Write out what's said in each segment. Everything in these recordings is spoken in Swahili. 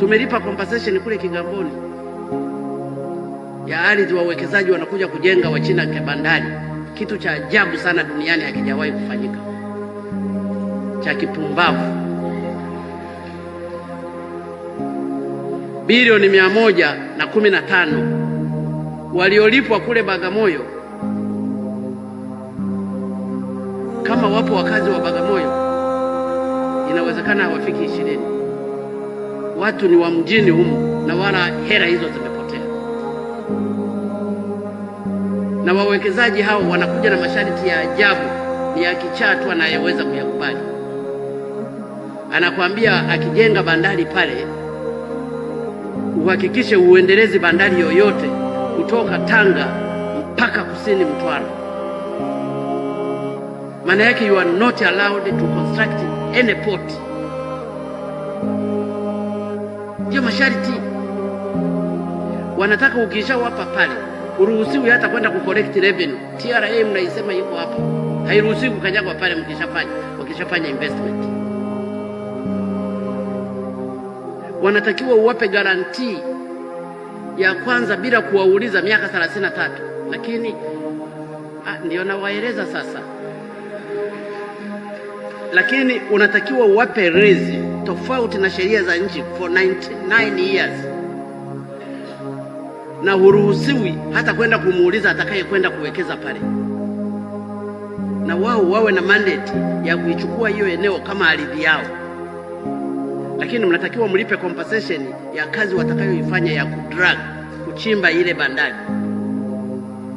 Tumelipa compensation kule Kigamboni ya ardhi, wawekezaji wanakuja kujenga Wachina bandari, kitu cha ajabu sana duniani hakijawahi kufanyika, cha kipumbavu. Bilioni mia moja na kumi na tano waliolipwa kule Bagamoyo. Kama wapo wakazi wa Bagamoyo, inawezekana hawafiki ishirini watu ni wa mjini humu, na wala hela hizo zimepotea, na wawekezaji hao wanakuja na masharti ya ajabu ya kichaa tu anayeweza kuyakubali. Anakwambia akijenga bandari pale, uhakikishe uendelezi bandari yoyote kutoka Tanga mpaka kusini Mtwara. Maana yake you are not allowed to construct any port ndio masharti wanataka. Ukishawapa pale, uruhusiwi hata kwenda kucollect revenue. TRA mnaisema yuko hapa, hairuhusiwi kukanyagwa pale mkishafanya wakishafanya investment. Wanatakiwa uwape garantii ya kwanza bila kuwauliza miaka 33, lakini ah, ndio nawaeleza sasa, lakini unatakiwa uwape rizi tofauti na sheria za nchi for 99 years, na huruhusiwi hata kwenda kumuuliza atakayekwenda kuwekeza pale, na wao wawe na mandate ya kuichukua hiyo eneo kama ardhi yao, lakini mnatakiwa mlipe compensation ya kazi watakayoifanya ya kudrag kuchimba ile bandari.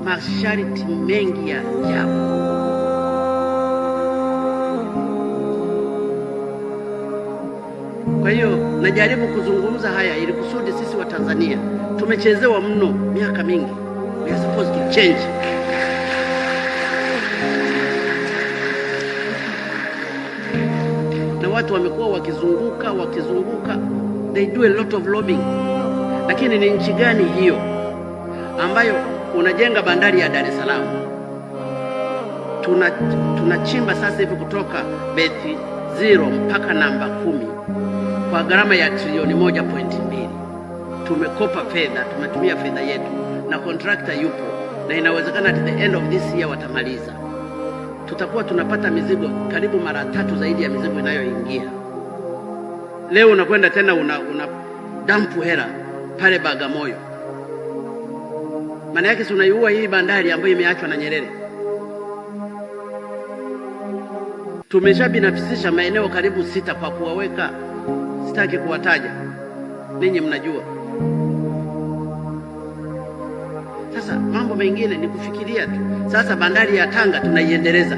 Masharti mengi ya ajabu. hiyo najaribu kuzungumza haya ili kusudi sisi wa Tanzania tumechezewa mno miaka mingi. We are supposed to change. Na watu wamekuwa wakizunguka wakizunguka, they do a lot of lobbying. Lakini ni nchi gani hiyo ambayo unajenga bandari ya Dar es Salaam, tuna tunachimba sasa hivi kutoka bethi zero mpaka namba kumi kwa gharama ya trilioni moja pointi mbili. Tumekopa fedha, tumetumia fedha yetu na contractor yupo, na inawezekana at the end of this year watamaliza. Tutakuwa tunapata mizigo karibu mara tatu zaidi ya mizigo inayoingia leo. Unakwenda tena una, una dampu hela pale Bagamoyo, maana yake si unaiua hii bandari ambayo imeachwa na Nyerere. tumeshabinafisisha maeneo karibu sita kwa kuwaweka sitaki kuwataja, ninyi mnajua. Sasa mambo mengine ni kufikiria tu. Sasa bandari ya Tanga tunaiendeleza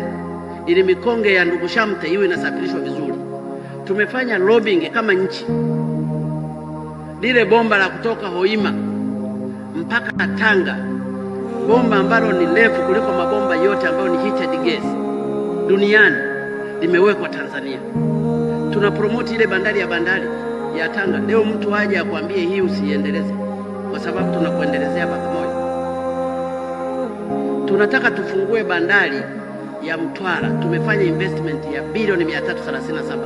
ili mikonge ya ndugu Shamte iwe inasafirishwa vizuri. Tumefanya lobbying kama nchi, lile bomba la kutoka Hoima mpaka Tanga, bomba ambalo ni refu kuliko mabomba yote ambayo ni heated gas duniani, limewekwa Tanzania tuna promote ile bandari ya bandari ya Tanga. Leo mtu aje akwambie hii usiendeleze, kwa sababu tunakuendelezea pamoja. Tunataka tufungue bandari ya Mtwara, tumefanya investment ya bilioni 337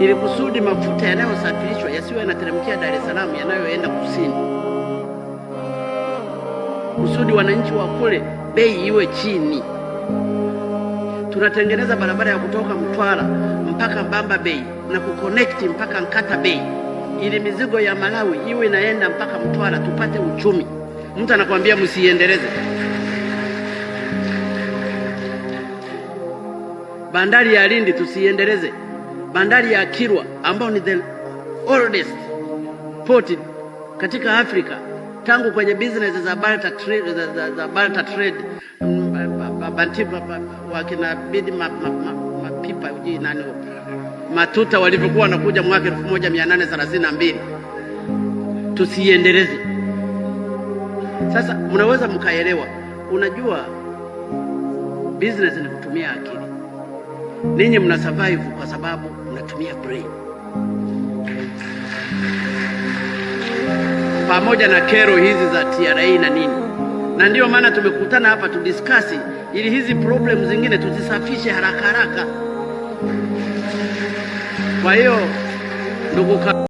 ili kusudi mafuta yanayosafirishwa yasiwe yanateremkia Dar es Salaam, yanayoenda kusini, kusudi wananchi wa kule bei iwe chini tunatengeneza barabara ya kutoka Mtwara mpaka Mbamba Bay na kukonekti mpaka Nkata Bay ili mizigo ya Malawi iwe inaenda mpaka Mtwara tupate uchumi. Mtu anakuambia msiiendeleze Bandari ya Lindi tusiendeleze. Bandari ya Kilwa ambayo ni the oldest port katika Afrika tangu kwenye business za barter trade, za, za, za barter trade wakina bidi mapipa ma, ma, ma, ujui nani matuta walivyokuwa wanakuja mwaka mbili tusiendeleze. Sasa mnaweza mkaelewa, unajua business ni kutumia akili. Ninyi mna survive kwa sababu mnatumia brain pamoja na kero hizi za TRA na nini na ndiyo maana tumekutana hapa tudiskasi, ili hizi problem zingine tuzisafishe haraka haraka. Kwa hiyo ndugu